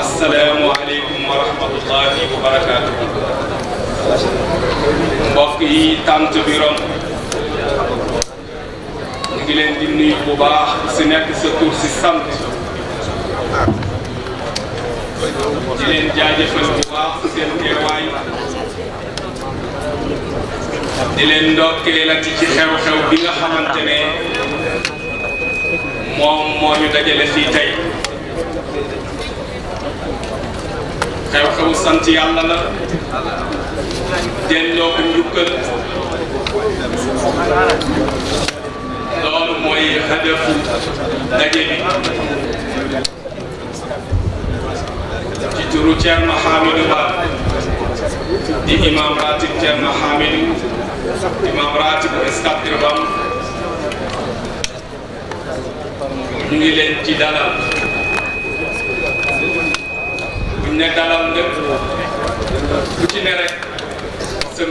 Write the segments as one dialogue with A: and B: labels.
A: السلام عليكم ورحمة الله وبركاته بفكي تانت بيرم نجلن دني بباح سنك ستور سسمت نجلن جاجة فالتواف سن تيرواي نجلن دوت كيلة تيجي خيرو خيرو بيغا حمانتني موم مومي دجل سيتاي xew-xewu sant yàlla la delloo ko njukkal loolu mooy hadafu daje ci turu Thierno Hamidou Ba di imam ratib Thierno Hamidou imam ratib Scat Urbam ñu ngi leen ci dalal ne dalal ñëpp bu ci ne rek sa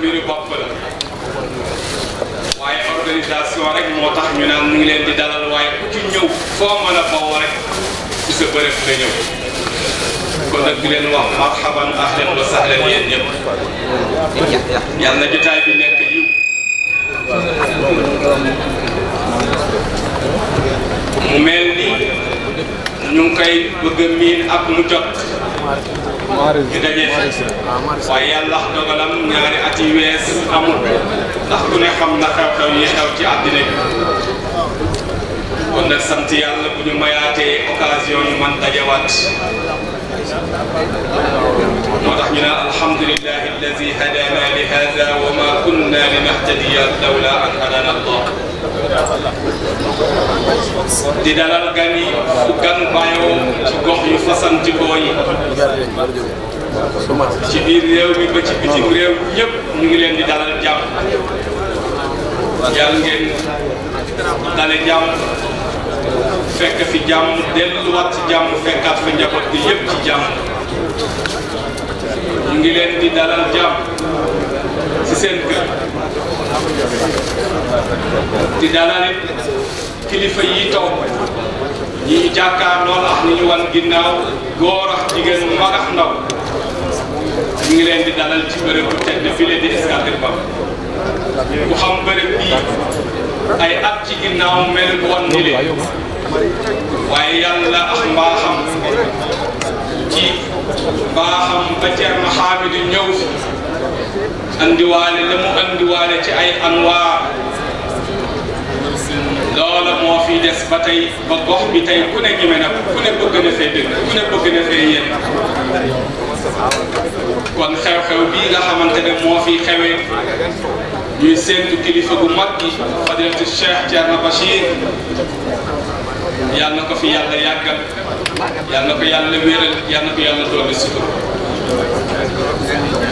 A: moo tax ñu naan ñu ngi leen di dalal waaye ku ci ñëw foo mën a bawoo rek ci sa bërëb di leen wax marhaban ahlan wa sahlan yéen ñëpp nekk mu mel ni ñu ngi koy a miin ak mu jot ñu dajee fi ah, waaye yàlla ndax dogalam ñaari at yi wees amul ndax ku ne xam na xew-xew yi xew ci àddina bi kon nag sant ñu mayaatee occasion man dajawaat ربنا الحمد لله الذي هدانا لهذا وما كنا لنهتدي لولا ان هدانا الله di dalam gani gan bayo ci gox yu fasanti ko yi ci biir réew mi ba ci bitim ñu ngi leen di dalal jam. yàlla ngeen dale jàmm fekk fi jàmm delluwaat ci jàmm fekkaat fa njaboot bi ñu ngi leen di dalal jàmm ci seen kër di dalal kilifa yi taw ñi jàkkaar lool ak ñu wan ginnaaw góor ak jigéen mag ndaw ngi leen di dalal ci bërëb bu tedd file di Scat Urbam ku xam bërëb bii ay at ci ginnaaw mel woon ni leen waaye yàlla ak mbaaxam ci baaxam ba Thierno Hamidou ñëw andiwaale la mu andiwaale ci ay anwaar loola moo fi des ba tey ba gox bi tey ku ne ñeme na ku ne bëgg na fee dëkk ku ne bëgg na fee yéen kon xew-xew bii nga xamante ne moo fi xewee ñuy séentu kilifa gu mag gi fadilatu Cheikh Thierno Bachir yàlla na ko fi yàlla yàggal. yal na ko yàlla wéeral yal na ko yàlla dolli sutur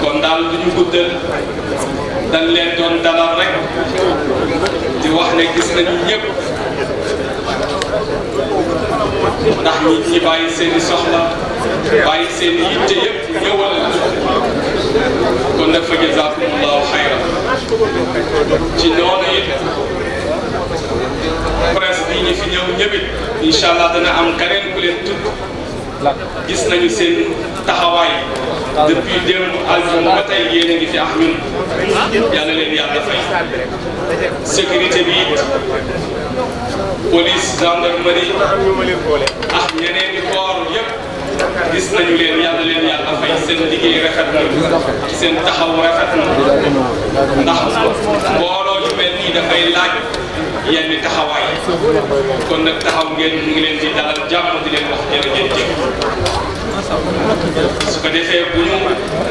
A: kon daal du ñu guddal leen doon dalal di wax ne gis nañu ñëpp ndax nit ñi bàyyi seeni soxla bàyyi seeni yitte yëpp ñëwal kon nag fa jazakumullahu xayran ci noonu it prince bi ñu fi ñëw ñëppit incha allah dana am keneen ku leen tudd gis nañu seen taxawaay depuis démb aljuma ba tey yéen a ngi fi ak ñun yàlla leen yàlla fay sécurité bi it police gendarmerie ak ñeneen i corps yëpp gis nañu leen yàlla leen yàlla fay seen liggéey rafet na seen taxaw rafet na ndax mbooloo ju mel nii dafay laaj yenn taxawaay kon nag taxaw ngeen mu ngi leen di dalal jàmm di leen wax jërëjëf defee bu ñu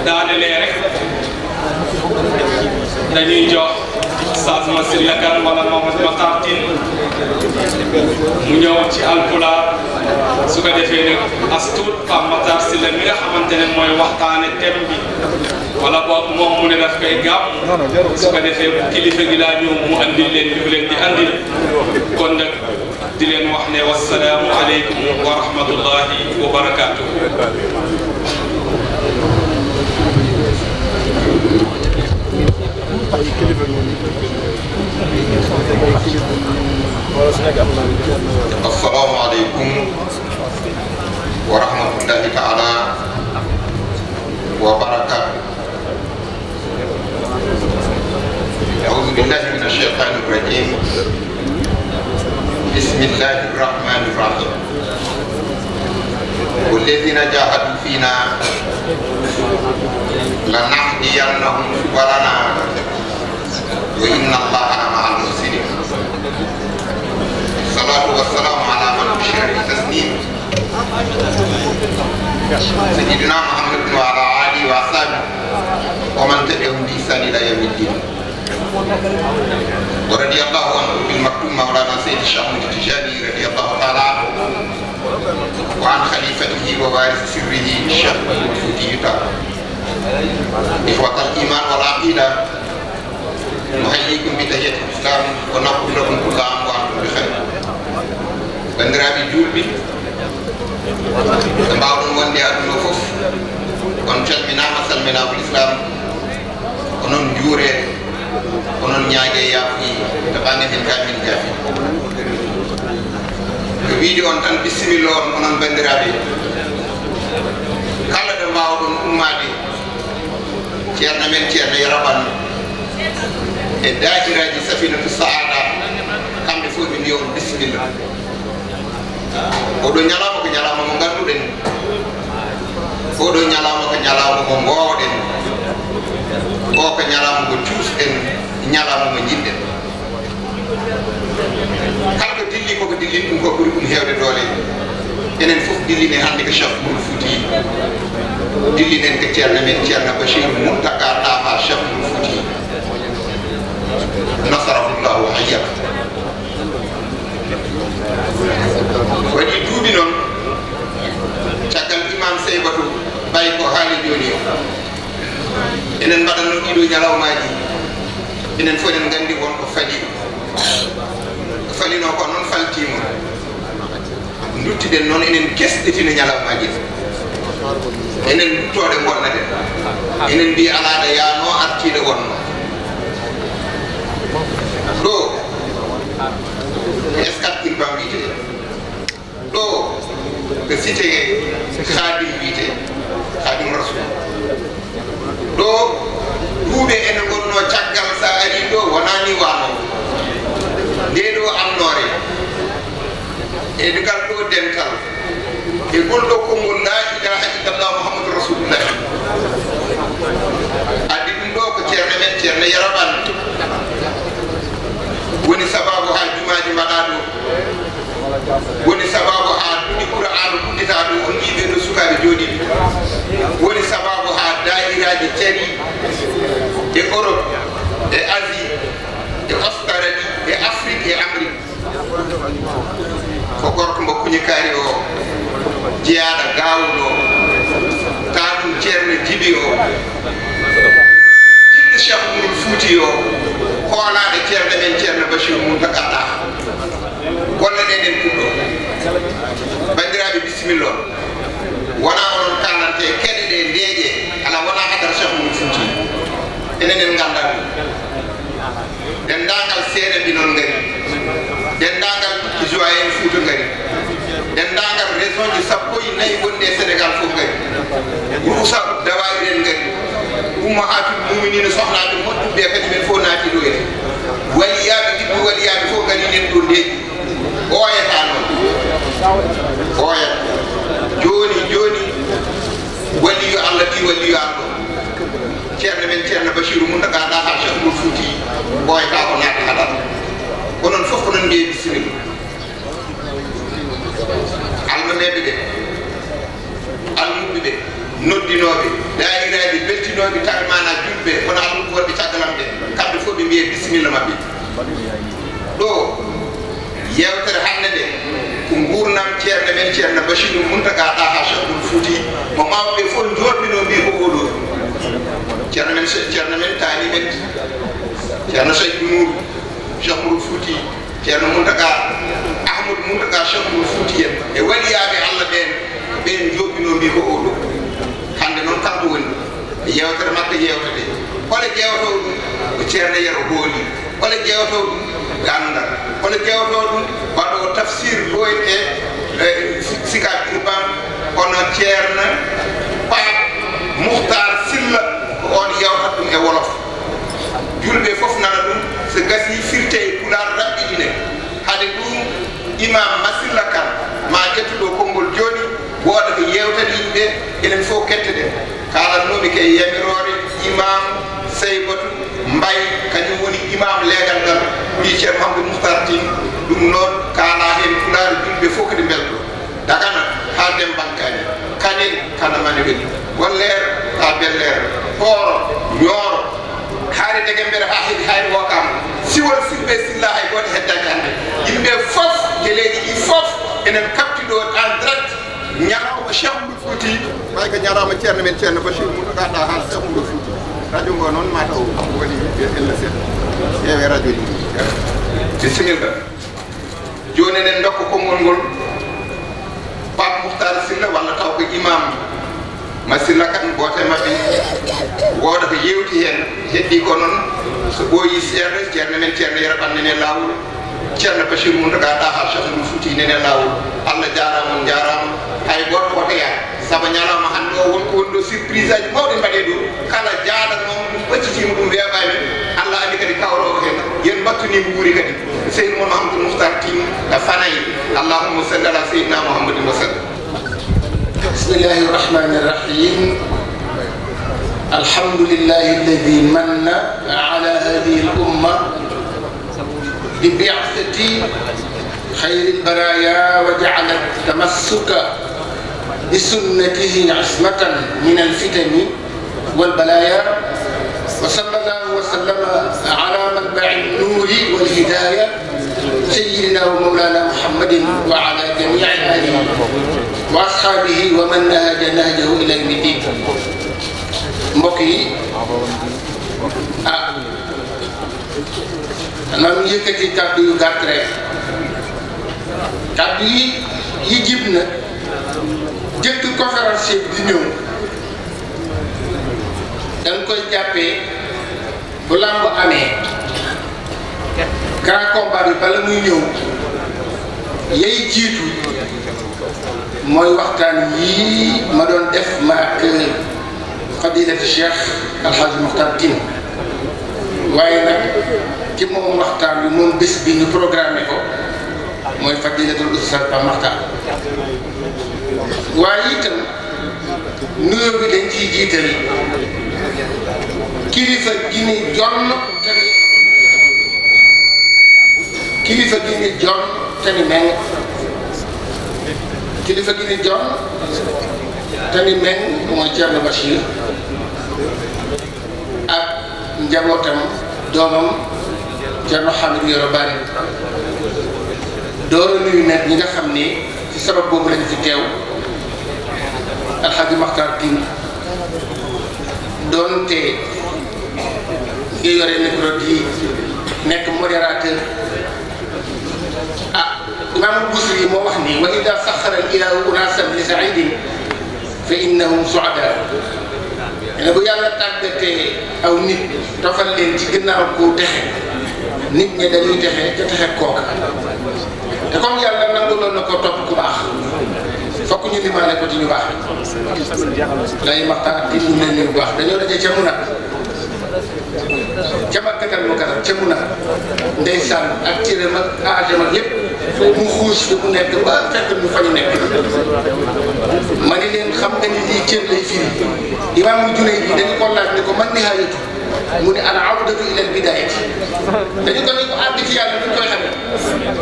A: daanelee rek dañuy jox. saa su ma sillakan wala Mahmoud Makartin mu ñëw ci alpulaar su ko defee nag as tuut si la mi nga xamante mooy waxtaane thème bi wala boog ne daf koy gàpp su ko defee kilifa mu andil leen ñu leen andil kon nag di leen wax ne wasalaamu wa barakaatu.
B: Assalamualaikum warahmatullahi taala wabarakatuh. A'udzu Bismillahirrahmanirrahim. Kulladzina jahadu fina lanahdiyannahum subulana والصلاة والسلام على من بشر بالتسليم سيدنا محمد وعلى آله وأصحابه ومن تبعهم بإحسان إلى يوم الدين ورضي الله عنه بالمكتوم مولانا سيد الشيخ التجاني رضي الله تعالى عنه وعن خليفته ووارث سره الشيخ المسعودي إخوة الإيمان والعقيدة نحييكم بتحية الإسلام ونقول لكم كل عام وأنتم بخير bandiraɓe julɓe ɓe mbawɗon wonde aduna foof kono calminama salminakul islam onon juure onon ñaague yaafuyi to banggue men kamin jaafi ko wiide on tan bissimilla on onon bandiraɓe kala ɗo mbawɗon ummade cierna men ya rabban e safina safinatu saada kambe fof min mbiya bismillah kodo nyalama ko nyalama kau ganduɗen nyala mau kenyala mau mo din. Kau kenyala mau kucus din. Nyala mau jiɗɗen din. Kau kedili kau kedili pun kau ɓuri ɗum di doole enen fof dillinen hannde ko chef mum fuuti dillinen ko ceerno men ceerno bachir muntaka ɗafa chef mum fuuti nasarahullahu hayyaka waɗi duuɓi noon caggal imam seybatu ɓay ko haali joni o enen mbaɗanno ɗiɗo ñalawmaji enen fof enen gandi wonko faɗi ko falino ko noon faltimo duttiɗen noon enen kesɗitino ñalawmaji enen duttode gonna ɗen enen mbi alaɗa yano artide wonno ɗo F4 Iqbam wiite ɗo ɓe cité khadim wiite rasul ɗo duuɓe ene gonno caggal sa ari ɗo wano nde ɗo annore e ngal ɗo dental e golɗo konngol rasulullah adi ɗum men woni sababu ha jumaji mbaɗa ɗo woni sababu ha ɗuɗi ɓuura ano ɗuɗɗita ɗo on yiɓe ɗo sukaɓe jooɗi woni sababu ha dairaji cari e europe e asie e australie e afrique e amérique ko gorko mbo kuñikaari o jeyaɗa gawul o ceerno jiɓi o jiɓɗo cheikh ɓurol fuuti o koolaade ceerno men ceerno bachir muntaka allah golle ɗeɗen ɗum ɗo bandiraɓe bisimilla wona onon kalante keɗe ɗe ndeeƴe ala wona hadar cheikh mum funti enen en ganda ɗum dendagal seeɗa mbi noon ngari dendagal joyen fouta ngari dendagal raison ji sappo e nayyi wonɗi e ngari ruusa dawawi ɗen ngari ummahatul muminina sohlaaɓe moƴƴuɓe kadi men fof naati ɗo en waliyaaɓe ɗiɓɓe waliyaaɓe fof kadi nen ɗo ndeeƴi ooyata noon ooyat jooni jooni waliyo allah ɓi waliyo allah ceerno men ceerno bachiru mum tagaɗa ha chahmul fouti ɓoyta ko naata haɗal onon fof onon ndeeƴi bisimilla almameɓe ɓe noddinoɓe laayiraɓe beltinoɓe tawi mana julɓe kono alum worɓe caggalam ɗe kamɓe fof ɓe mbiye bisimilla mabɓe ɗo yewtere hannde nde ko gurnam ceerno men ceerno bachiru muntaga ɗa ha chakul fouti mo mawɓe fof jordino mbi ko oɗo ceerno men ceerno men taani men ceerno saydou nour chakul fouti ceerno muntaga ahmadou muntaga chakul fouti en e waɗiyaɓe allah ɓen ɓen joɓɓino mbi ko oɗo noon kamɓe woni yewtere makko yewtete hole ƴewtow ɗum ko ceerno yero hooli hole ƴewtow ɗum ganda hole ƴewtow ɗum waɗo tafsir loyn e eh, eh, sika urban kono ceerno paap muhtar silla ko on yewtat ɗum e wolof julɓe fof nana ɗum so gasi firte e pular raɓɓiɗine hade ɗum imam masilla kan ma ƴettuɗo ko woda ko yewtan yimɓe enen fof kette ɗe kalannoɓe ke yamirore imam saybatu mbay kañum woni imam legal ngal mbi ceer mahamdou moustartin ɗum noon kala hen funaro yimɓe fof kadi belɗo dagana ha dembankani kanen kana mane ɓen gollere ha bellere hooro ñooro haari dege mbere ha hedi hayri wokama siwol sinɓe silla hay goto heddaji hande yimɓe fof geleji ɗi fof enen kabtiɗo en direct ñaanama cheikh mul fouti way ga ñaanama ceerno men ceerno bachir mu ka da ha cheikh mul fouti radio ngo non ma taw woni be el set yewe radio ni bismillah ko ngol pap muhtar wala taw ko imam masilla kan gote mabbe woda ko yewti hen heddi ko non so boyi ceerno men yara ceerno bachir mum daga taha cheikh mum fouti nene lawol allah jarama on jarama hay goto woteya saabu ñalawma hande o wonko wonɗo surprise aji mawɗi mbaɗe ɗo kala jaɗanoma ɗum ɓaccitima ɗum weeɓani allah andi kadi kawrowo hen yen battunimo wuuri kadi seydi mon hamadou mouhtar tim e nah, fanayi allahumma salli ala seydina mouhammadin wa sallam bismillahi irrahmani
C: irrahim الحمد لله الذي من على هذه الامه ببعثة خير البرايا وجعلت التمسك بسنته عصمة من الفتن والبلايا وصلى الله وسلم على منبع النور والهداية سيدنا ومولانا محمد وعلى جميع آله وأصحابه ومن نهج نهجه إلى يوم الدين mbokk man yëkkati kàddu yu gàtt rek kàddu yi yi jib na jëkk conférencier bi ñëw dañ koy jàppee bu làmb amee grand combat bala muy ñëw yay jiitu mooy waxtaan yii ma doon def ma ak euh, fadilati cheikh alxaaji muxtar tin waaye nag ci moom waxtaan bi moom bés bi ñu programmé ko mooy fadilatul ustaz Pape Makhtar waaye itam nuyoo bi dañ ciy jiital kilifa gi ni jonn te kilifa gi ni jonn te kilifa gi ni jonn te mooy Thierno Bachir ak njabootam doomam Thierno Hamidou Yoro Bary doora nuyu nag ñi nga xam ni ci sabab boobu lañ fi teew alxaji Maxtaar Tine doonte nga yore micro di nekk modérateur ah imaam Busiri moo wax ni wa ida saxara ilaahu unaasan li saidin fa innahum suada ne bu yàlla tàggatee aw nit tofal leen ci ginnaaw ku texe nit ñi dañuy texe ca texe kooka te comme yàlla nanguloon na ko topp ku baax fokk ñu limaale ko ci ñu baax lay maxtaan di mën nañu bu baax dañoo daje ca mun a ca makkatal mu kanam ca mun a ndeysaan ak cëram ak aajam ak yëpp mu xuus fi mu nekk ba fekk ñu fa ñu nekk ma ni leen xam nga ni lii cër lay firi imaam mu junne bi dañu ko laaj ne ko man nihaayatu mu ne al awdatu ila al bidaayati dañu ko ne ko àgg ci yàlla duñ koy xamee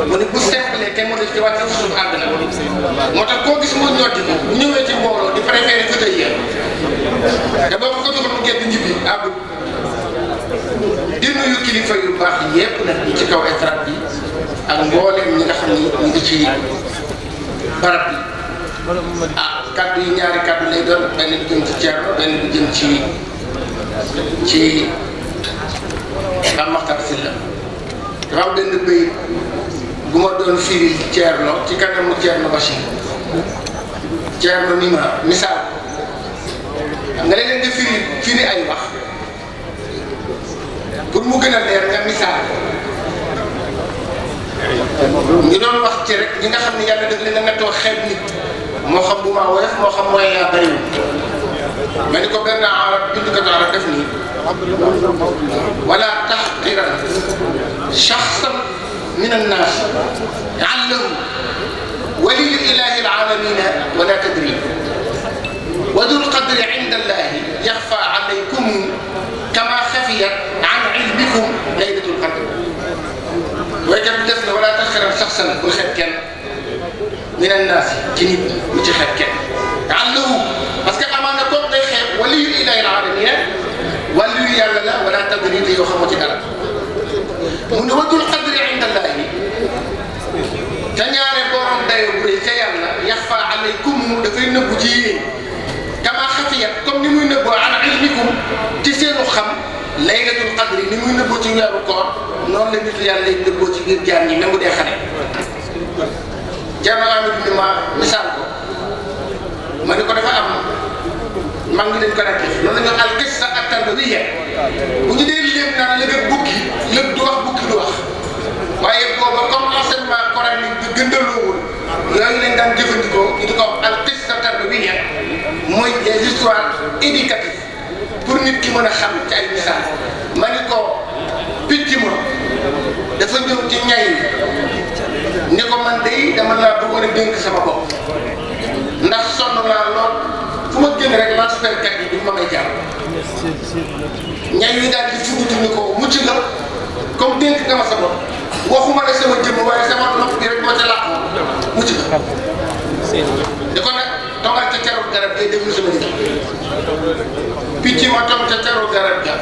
C: mu ne bu simple te mu ne ci suuf àgg na moo tax koo gis mu ñotti ko bu ñëwee ci mbooloo di préféré fa tey te boo ko joxoon mu génn njibbi kilifa yu baax yépp nag ñu ci kaw estrade bi
A: ak mbooleem ñi nga xam ni ñu ngi
C: ci barab bi ah kaddu yi ñaari kaddu lay doon benn jëm ci Thierno benn jëm ci. ci Pape Makhtar Sylla dafa am benn bu ma doon firi Thierno ci kanamu Thierno Bachir Thierno ni ma misaal nga leen di firi firi ay wax pour mu gën a leer nga misaal ñu doon wax ci rek nga xam ne yàlla def li nga nettoo xeeb nit moo xam bu ma woyof moo xam mooy yaa bëriwul nga ni عرب benn تعرفني ولا arab شخصا من الناس taxqiran ولي إله العالمين ولا تدري وذو القدر عند الله يخفى عليكم كما خفيت عن علمكم ليلة القدر ويجب دفن ولا تحقر شخصا من الناس جنيب متحكم كان wali yu ilaahi alamin wali yu ya la wala tadri te yoo ci dara mu ne qadri inda allahi te ñaare borom dayo bu rëy ca yàlla yaxfa alaykum dafay nëbbu ci yéen kama xafiyat comme ni muy nëbboo ala ilmikum ci seenu xam laylatul qadri ni muy nëbboo ci weeru koor la lay ci xale ma ko ko dafa am maa ngi dem Karaté loolu la ñu al qissa ak Tanzania bu ñu dee lépp naan la bukki lépp du wax bukki du wax waaye booba comme enseignement coranique bi gëndaloowul yooyu lañ daan jëfandikoo ñu di ko wax al qissa Tanzania mooy des histoires pour nit ki mën a xam ci ay misaal ma ni ko picc ma dafa ñëw ci ñay ni ko man de dama laa bëggoon a dénk sama bopp ndax sonn naa lool. ma gën rek lancement yi duñ mën a jàll ñay yi daal di sugutu ni ko mucc nga comme dénk nga ma sa bopp waxuma la sama jëmm waaye sama nopp bi rek moo ca làqu mucc nga di ko nag toogal ca caru garab gi déglu sama nit picc ma toog ca caru garab ga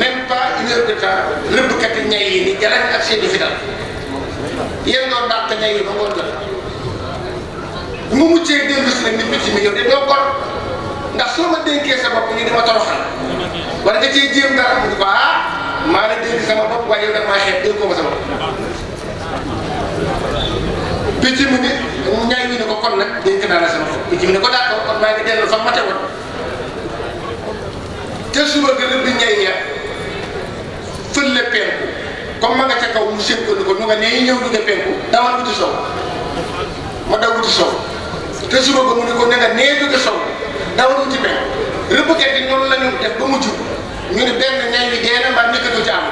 C: même pas une heure de temps rëbbkat yi ñay yi ni jalañ ak seen fi dal yéen doon dàq ñay yi ba ngoon la bu mu muccee déglu si nag picc mi yow de doo gor ndax soo ma dénkee sa bopp ñu di ma toroxal war nga cee jéem dara mu di ko ah maa la dénk sama bopp waaye yow nag maa xeeb dénkoo ma sama bopp picc mi ne ñaay mi ne ko kon nag dénk naa la sama bopp picc mi ne ko d'accord kon maa fa ma tegoon te suba gën a bi ñay ya fële penku kaw mu séntu ko nu nga nee ñëw jóge penku dawal wuti sow ma daw wuti te suba ba mu ne ko ne nga nee jóge dawal ci benn rëbbkat yi noonu la ñu def ba mujj ñu ne benn ñay wi dee na mbaa nekkatu ci am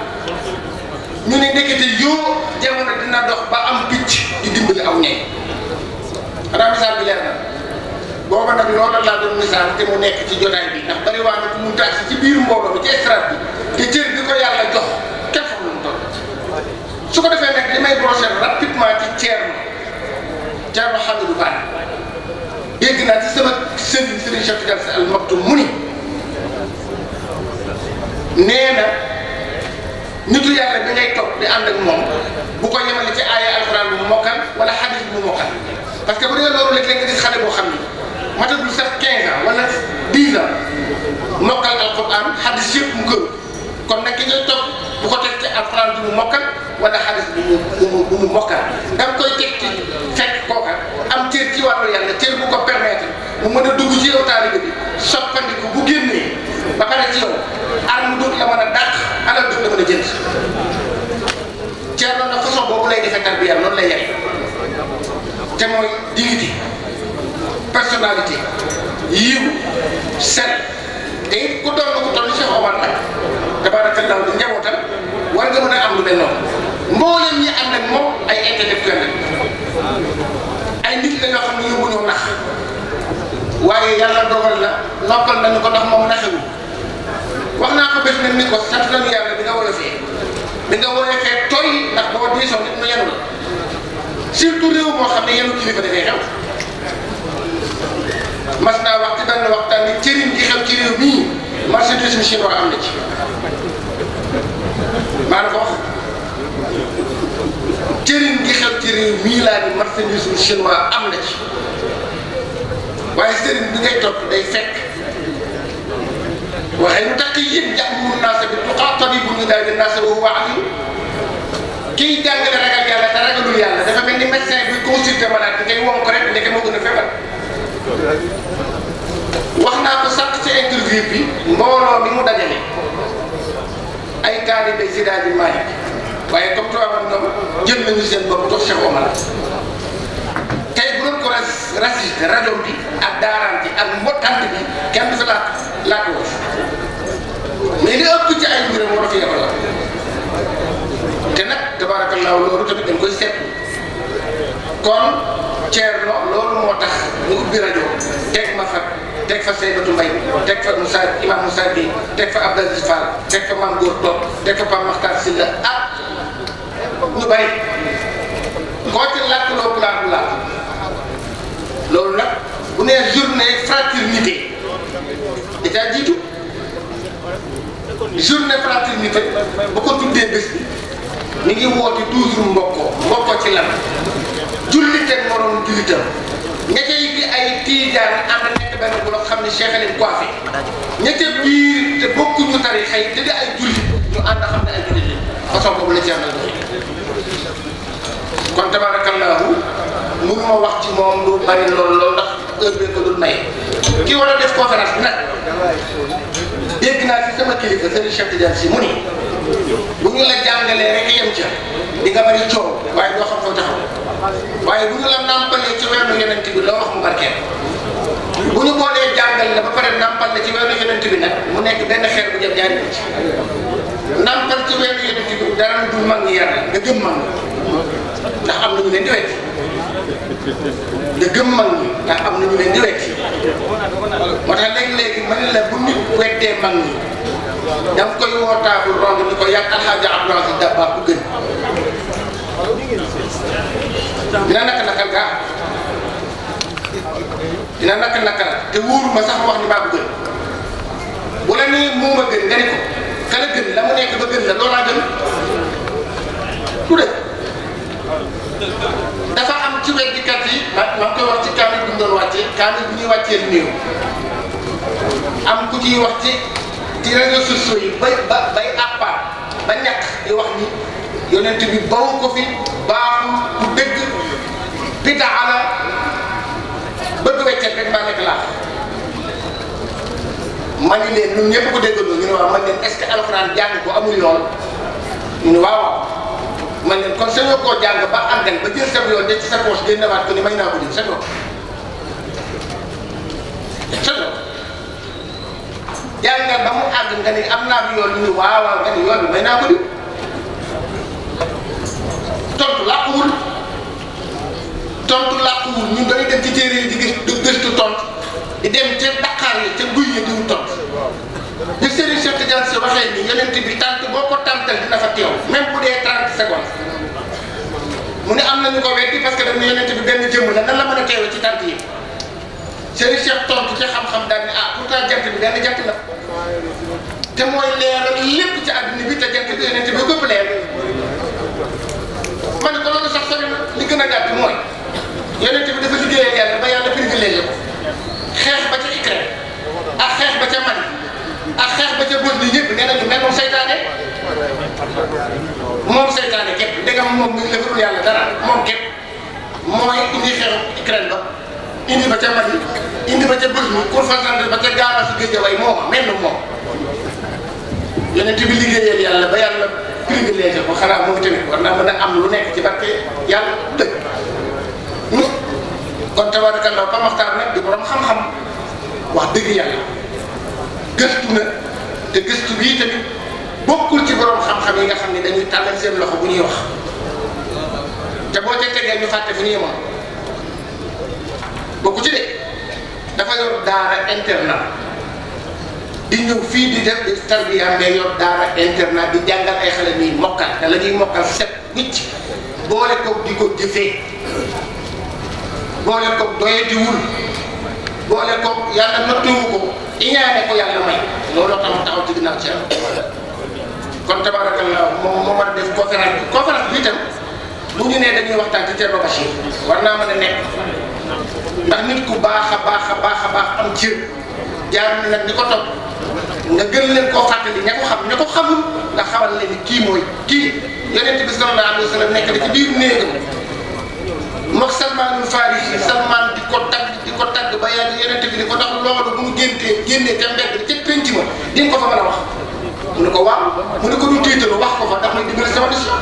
C: ñu ne ndekete yoo jamono dina dox ba am picc di dimbali aw ñay xanaa misaal bi leer na booba nag loolu laa doon misaal te mu nekk ci jotaay bi ndax bari waa na ku mu tax ci biir mbooloo bi ci estrade bi te cër bi ko yàlla jox kenn fa mu toll su ko defee nag li may brosser rapidement ci Thierno Thierno Hamidou Bane dégg naa ci sama sëriñ sëriñ Cheikh Tidiane Sy Al Maktoum mu ni nee bi ngay topp di ànd moom bu ko yemale ci aaya alxuraan bu mu mokkal wala xadis bu mokkal bu dee loolu léeg-léeg nga gis xale boo xam ni matagul sax 15 ans wala 10 ans mokkal alxuraan xadis yëpp mu gën kon nag ki ngay topp bu mokkal wala xadis bu mokkal kooka am cër ci wàllu yàlla cër bu ko permettre mu mën a dugg ci yow taalibe bi soppandiku bu génnee ba pare ci yow arme dootu la mën a dàq alal dootu la ko toll Cheikh Omar nag tabaarakallaahu war nga mën a am lu mel noonu mbooleem ñi am nag moom ay intellectuel nit dañoo xam ne yóbbuñoo nax waaye yàlla dogal la noppal nañu ko nax moom naxewul wax naa ko bés ne ni ko sant nañu yàlla bi nga wolofee bi nga wolofee tooy ndax boo diisoo nit mu yenu la surtout réew moo xam ne yenu kilifa dafay xew mas naa wax ci benn waxtaan ni cëriñ gi xew ci réew mii marchandise chinois ci réew mii laa ni marchandise u am na ci waaye sëriñ bi ngay topp day fekk waxee nu tax yéen jàpp mun naasa bi tuqaa tabibu ñu daal di naasa wa huwa aqil kiy jàngale ragal yàlla te dafa mel ni médecin buy consulté bi ngay won ko rek ndeke moo gën a feebar wax naa ko sànq ci interview bi mbooloo mi mu dajale ay taalibe si daal di waaye comme tubaab ñoom jël nañu seen bopp jox Cheikh Omar tey bu doon ko raciste rajo bi ak daaraan bi ak mbottante bi kenn du fi laaj laaj ko mais a loolu tamit dañ koy seetlu kon Thierno loolu moo tax mu ubbi rajo teg ma teg fa Seydou Mbaye teg fa Moussa Imam Moussa Gueye teg fa Abdou Aziz teg fa Mame Goor Top teg fa Pape Makhtar Sylla ah. ñu bari koo ci làkk loo pulaar làkk loolu nag bu nee journée fraternité état jiitu journée fraternité bu ko tuddee bés bi mi ngi woote toujours mbokkoo mbokkoo ci lan jullite moroom jullitam ña yi di ay tiijaan am na nekk benn bu loo xam ne Cheikh Alim Kouafé ña ca biir te bokkuñu tarixa yi te di ay jullit ñu ànd xam ne ay jullit façon boobu la Thierno def kon tabaarakallaahu mënuma wax ci moom lu bari loolu loolu ndax heure bee ko dul may ki war a def conférence bi nag dégg naa fi sama kilifa Serigne Cheikh Tidiane Sy mu ni bu ñu la jàngalee rek yem ca di nga bari coow waaye doo xam foo taxaw waaye bu ñu la nàmpalee ci weeru yonent bi loo wax mu barkeel bu ñu boolee jàngal dama ba pare nàmpal na ci weeru yonent bi nag mu nekk benn xeer bu jëm ñaari nampal ci weeru yéen a dugg dara du mag ñi nga gëm mag ndax am na ñu leen di wetti nga gëm mag ñi ndax am na ñu leen di wetti moo tax léegi-léegi ma ne la bu nit wettee mag ñi da koy woo taabu romb ni ko yàq alxaaja Abdou Aziz Dabakh bu gën dina naka nakal gaa dina naka te wóoruma sax wax ni maa ko gën bu la nii muuma gën nga ne ko. gën la mu nekk ba gën la loolaa gën ku de dafa am ci weddikat yi ma ah, ma koy wax ci kaamil bu ñu doon wàccee kaamil bu ñuy wàccee néew am ku ciy wax ci ci réseaux sociaux yi ba bay àppaat ba ñàkk di wax ni yonent bi bawu ko fi baaxul ku dëgg bidaa la bëgg weccet rek mbaa nekk laa man leen ñun ñëpp ko déggandoo ñu ne waaw man leen est ce que alxuraan jàng ko amul yoon ñu ne waaw man leen kon sañoo koo jàng ba àggal ba jël sa yoon de ci sa poche génn waat ko ni may naa ko jël sa yoon sa yoon jàng ba mu àgg nga ni am naa bi yoon ñu waaw waaw nga ni yoon bi may naa ko di tontu làkkuwul tontu làkkuwul ñun dañuy dem ci téere yi di gëstu tontu di dem ca Dakar yi ya, ca guy yi ya di tontu bi Serigne Cheikh Tidiane Sy waxee ni yonent bi tànt boo ko tàntal dina fa teew même bu dee 30 secondes mu ne am nañu ko weddi parce que dañu yonent bi benn jëmm la nan la mën a teewee ci tànt yi Serigne Cheikh tontu ci xam-xam daal ni ah pourtant jant bi benn jant la te mooy leeral lépp ci àdduna bi te jant bi yonent bi gëpp leer ma ne ko loolu sax sori li gën a gàtt mooy yonent bi dafa liggéeyal yàlla ba yàlla privilégié ko xeex ba ak xeex ba ca góor ñi ñëpp nee nañu melul seytaane moom seytaane képp ndegam moom mi ngi defalul yàlla dara moom képp mooy indi xeex Ukraine ba indi ba ca Mali indi ba ca Bosnie Kourfazan ba ca Gaza si géej way moom mel na moom. yonent bi liggéeyal yàlla ba yàlla privilégié ko xanaa moom tamit war naa mën a am lu nekk ci barke yàlla dëgg hmm. kon tabaarakallah ba waxtaan nag di borom xam-xam wax dëgg yàlla. gëstu na te gëstu bii tamit bokkul ci borom xam-xam yi nga xam ne dañuy tàllal seen loxo bu ñuy wax te boo ca tegee ñu fàtte fu ñuy moom bokku ci de dafa yor daara internat di ñëw fii di def di tarbiya mais yor daara internat di jàngal ay xale ñuy mokkal te la ñuy mokkal set nit boole ko di ko jëfee boole ko doyadiwul. boole ko yàlla nattuwu ko iñaane ko yàlla may looloo tax taxaw ci ginnaaw ci yàlla kon tabarakallah moom moo mën a def koo conférence bi conférence bi tam bu ñu nee dañuy waxtaan ci Thierno Bachir war naa mën a nekk ndax nit ku baax a baax a baax a baax am cër jaar nag di ko topp nga gën leen koo fàttali ña ko xam ña ko xamul nga xamal leen kii mooy kii yonent bi sallallahu alayhi wa sallam nekk na ci biir néegam moog Salmaanul Faarisi Salmaan di ko tagg di ko tagg ba yàlla yonent bi ni ko ndax loolu bu mu géntee génnee ca mbedd ca di ko fa mën a wax. mu mu ne ko wax ko fa ndax may dimbali sama mission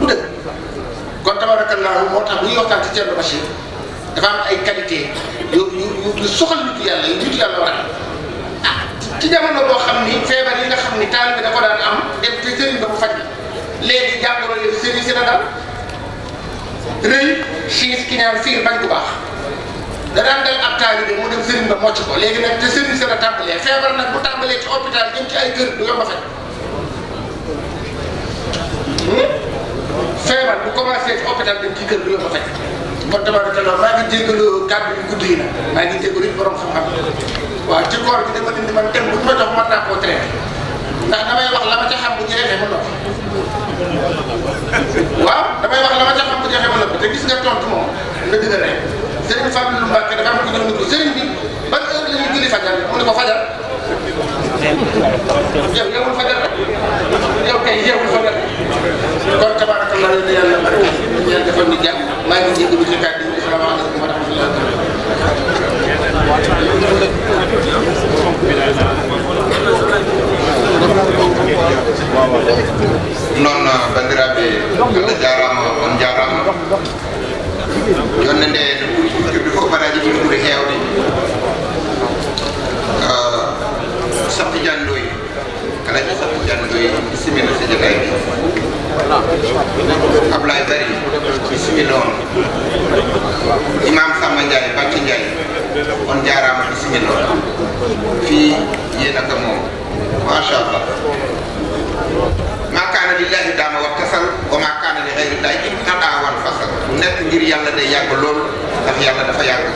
C: du dëgg kon tabaarakallaahu tax bu ñuy waxtaan ci Thierno Bachir dafa am ay qualité yu yu
B: ah, ci jamono boo xam
C: feebar yi nga xam ni taal bi da ko daan am dem te si na daal. rëy xiif ki ñaan fiir bañ bu baax da daan dal ab taalibe mu dem sëriñ ba mocc ko léegi nag te sëriñ sa la tàmbalee feebar nag bu tàmbalee ci hôpital jëm ci ay kër du yomb a faj hmm? feebar bu commencé ci hôpital jëm ci a faj kon tabaaraka Allah maa ngi jégalu kàddu yu gudd yi nag maa ngi jégalu it borom xam-xam waaw ci koor gi dama indi man thème bu ñu ma jox naa koo traité ndax damay wax la ma ca xam bu jeexee ma noppi waaw damay wax la ma ca xam ko joxe ma nëbb te gis nga tontu moom nga dina ne Serigne Fallou Mbacke dafa am ko ñëw ne ko Serigne bi ban heure la ñuy julli fajar mu ne ko fajar yow yeewul fajar rek yow kay yeewul fajar kon tabarakallah yéen yàlla bari yàlla defal ñu jàmm maa ngi jégalu ci kàddu yi asalaamaaleykum wa rahmatulah
B: non bandiraɓe allah jarama on jarama jonde nde no ɓuuri jodde fof baraji ɗin ɓuuri hewde sappi jandoy kala ko sappi jandoy bisimilla sejanayi ablaye bari bisimilla imam sama ndiaye bacci ndiaye on jarama bisimilla on fi yenaka moom macha allah maa kaana lillahi daama war tasal wa maa kaana li xayrillahi inna daa war fasal bu nekk ngir yàlla day yàgg lool ndax yàlla dafa yàgg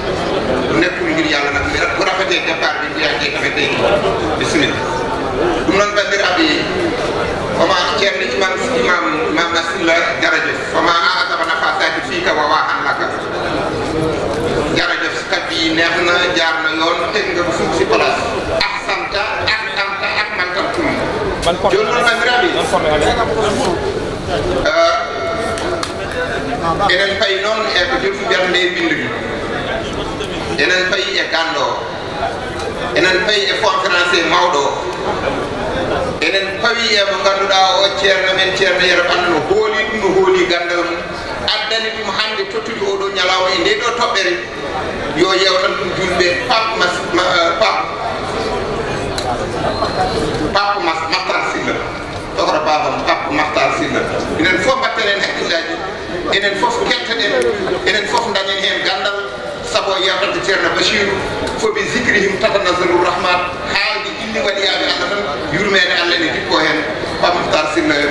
B: bu nekkul ngir yàlla nag bu rafetee bu yàggee tamit day bismillah ɗum noon bandiraɓe woma ceerno imam imam imam nasilla jaradios woma adaba nafasaki fiika wawa hanlaka jaradios kadi nehna jarno yon man eh, e ko jol non non ko eɗen payi noon enen payi e ganndo enen payi e conférence mawɗo o enen pawi e mo ganduɗa o ceerno men ceerno yero ɓandu no hooli ɗum no hooli gandal mum addani ɗum hannde tottude oɗo ñalawma e nde ɗo toɓɓere yo yewtan ɗum julɓe hoore babam kanko mahtar silla enen fof mbatten hen hakkillaji enen fof kettaɗen enen fof dañen hen gandal saabu yewtata ceerno bachiru fooɓe zicrihim tata nasaru rahman haalde illi waɗiyaɓe allah tan yurmede allah ne jikko hen ba mahtar silla en